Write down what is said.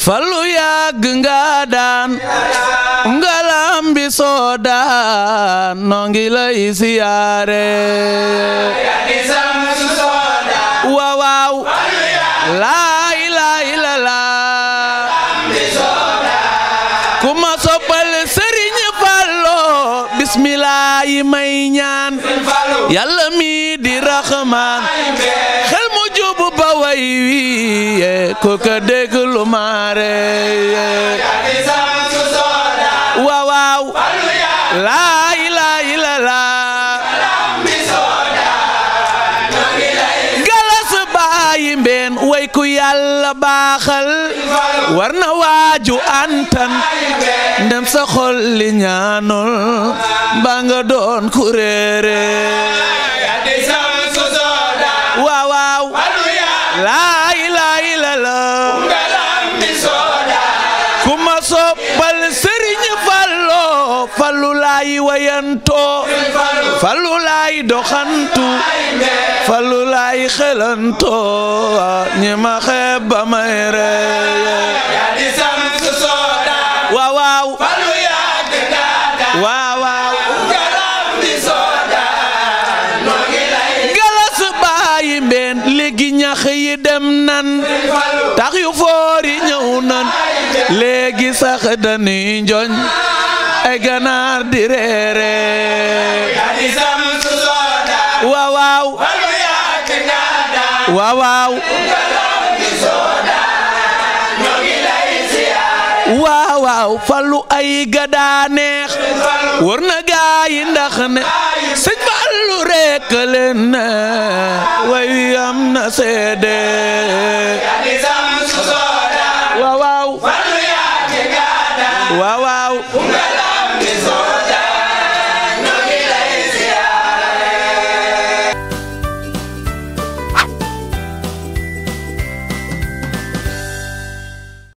fallu yàgg nga daan nga lambi soo daan noo ngi lay siyaare waaw waaw laa ilaa ila laa ku ma soppal sëriñ falloo bismilaayi may ñaan yàlla mi di raxmaan way wiye ko ka déglu maare waaw waaw laa ilaa ila laa mbeen way ku yàlla baaxal war waaju antan ndem sa xol li ñaanul nga doon ku réere laay wayantoo fallu laay doxantu yàgg daada waaw waaw di sooda noo ngi lay galas mbeen léegi ñax yi dem nan tax yu foor ñëw nan léegi sax dañuy njoñ ay ganaar di reere waaw waaw waaw waaw fallu ay gadaaneex war na gaay ndax ne sëñ fallu rekk leen way am na seede waaw waaw